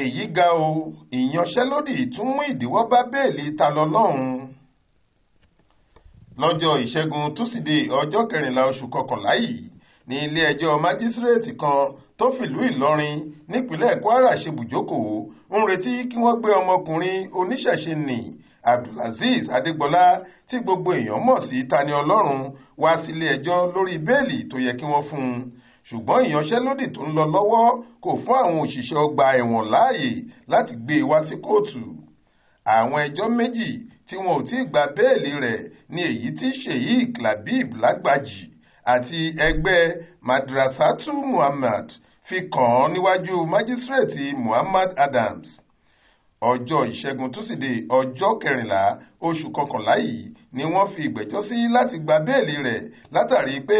èyí ga o ìyanṣẹ́lódì tún mú ìdíwọ́ bá bẹ́ẹ̀lì ta lọ lọ́hùn lọ́jọ́ ìṣẹ́gun túsídéé ọjọ́ kẹrìnlá oṣù kọkànlá yìí ní ilé-ẹjọ́ májísírèètì kan tó fìlú ìlọrin nípínlẹ̀ kwara ṣebùjókòó ń retí kí wọ́n gbé ọmọkùnrin oníṣẹ̀ṣe nì abdulazeez adégbọlá tí gbogbo èèyàn mọ̀ sí tani wá sílé ẹjọ́ lórí bẹ́ẹ̀lì tó yẹ kí wọ́n fún un ṣùgbọ́n ìyanṣẹ́lódì tó ń lọ lọ́wọ́ kò fún àwọn òṣìṣẹ́ ọgbà ẹ̀wọ̀n láàyè láti gbé e wá sí kóòtù àwọn ẹjọ́ méjì tí wọn ò tí ì gba bẹ́ẹ̀lì rẹ̀ ni èyí tí sheik labib lágbàjì àti ẹgbẹ́ madrasatu muhammad fi kàn án níwájú májísrèètì muhammad adams ọjọ́ ìṣẹ́gun túsídẹ̀ẹ́ ọjọ́ kẹrìnlá oṣù kọkànlá yìí ni wọ́n fi ìgbẹ́jọ́ sí láti gba bẹ́ẹ̀lì rẹ̀ látàrí pé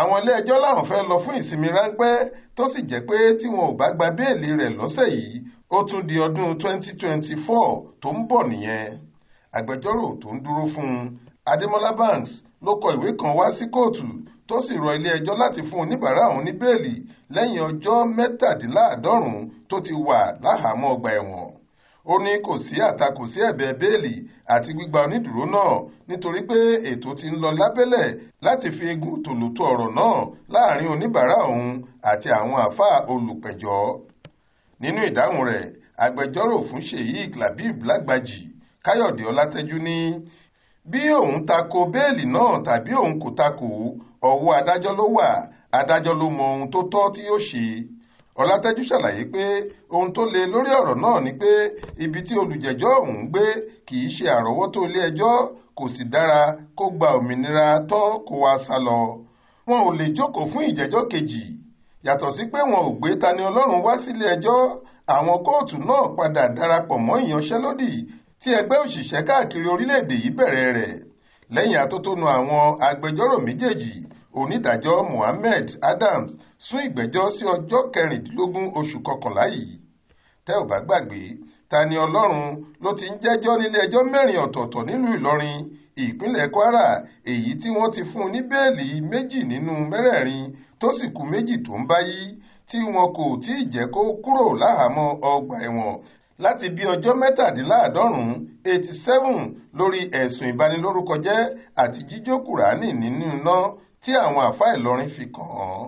àwọn ilé ẹjọ́ làwọn fẹ́ lọ fún ìsinmi ráńpẹ́ tó sì jẹ́ pé tí wọn ò bá gba béèlì rẹ̀ lọ́sẹ̀ yìí ó tún di ọdún 2024 tó ń bọ̀ nìyẹn agbẹjọ́rò tó ń dúró fún un Banks ló kọ ìwé kan wá sí kóòtù tó sì rọ ilé ẹjọ́ láti fún oníbàárà òun ní béèlì lẹ́yìn ọjọ́ mẹ́tàdínláàádọ́rùn-ún tó ti wà láhàámọ́ ọgbà ẹ̀wọ̀n ó ní kò sí àtakò sí ẹ̀bẹ̀ bẹ́ẹ̀lì àti gbígba onídùúró náà nítorí pé ètò ti ń lọ lábẹ́lẹ̀ láti fi egun tòlótò ọ̀rọ̀ náà láàrin oníbàárà òun àti àwọn àáfàá olùpẹ̀jọ́ nínú ìdáhùn rẹ̀ agbẹjọ́rò fún Sheikh Labib Lágbàjì Káyọ̀dé Ọlátẹ́jú ní bí òun tako bẹ́ẹ̀lì náà tàbí òun kò tako ọwọ́ adájọ́ ló wà adájọ́ ló mọ ohun tó tọ́ tí yóò ṣe ọlátẹ́jú ṣàlàyé pé ohun tó le lórí ọ̀rọ̀ náà ni pé ibi tí olùjẹ́jọ́ ọ̀hún gbé kì í ṣe àrọ́wọ́tó ilé-ẹjọ́ kò sì dára kó gba òmìnira tó kó wa sá lọ wọn ò lè jókòó fún ìjẹ́jọ́ kejì yàtọ̀ sí pé wọn ò gbé Tani Ọlọ́run wá sílé ẹjọ́ àwọn kóòtù náà padà darapọ̀ mọ́ ìyanṣẹ́lódì tí ẹgbẹ́ òṣìṣẹ́ káàkiri orílẹ̀ yìí bẹ̀rẹ̀ rẹ̀ lẹ́yìn atótónu àwọn agbẹjọ́rò méjèèjì onídàájọ́ Mohammed Adams sún ìgbẹ́jọ́ sí ọjọ́ kẹrìndínlógún oṣù kọkànlá yìí tẹ́ ò bá gbàgbé Tani Ọlọ́run ló ti ń jẹ́jọ́ nílé ẹjọ́ mẹ́rin ọ̀tọ̀ọ̀tọ̀ nílùú Ìlọrin ìpínlẹ̀ Kwara èyí tí wọ́n ti fún un ní bẹ́ẹ̀lì méjì nínú mẹ́rẹ̀ẹ̀rin tó sì kù méjì tó ń báyí tí wọn kò tí ì jẹ́ kó kúrò láhàámọ́ ọgbà ẹ̀wọ̀n láti bí ọjọ́ mẹ́tàdínláàádọ́rùn-ún eighty seven lórí ẹ̀sùn ìbanilórúkọjẹ́ àti jíjó kùránì nínú iná tí àwọn àfáà Ìlọrin fi kàn án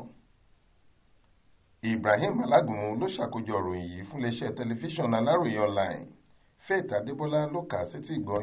Ibrahim Alágúnmu ló ṣàkójọ ìròyìn yìí fún iléeṣẹ́ tẹlifíṣàn Aláròye online Faith Adébọlá ló kà á sétí ìgbọ́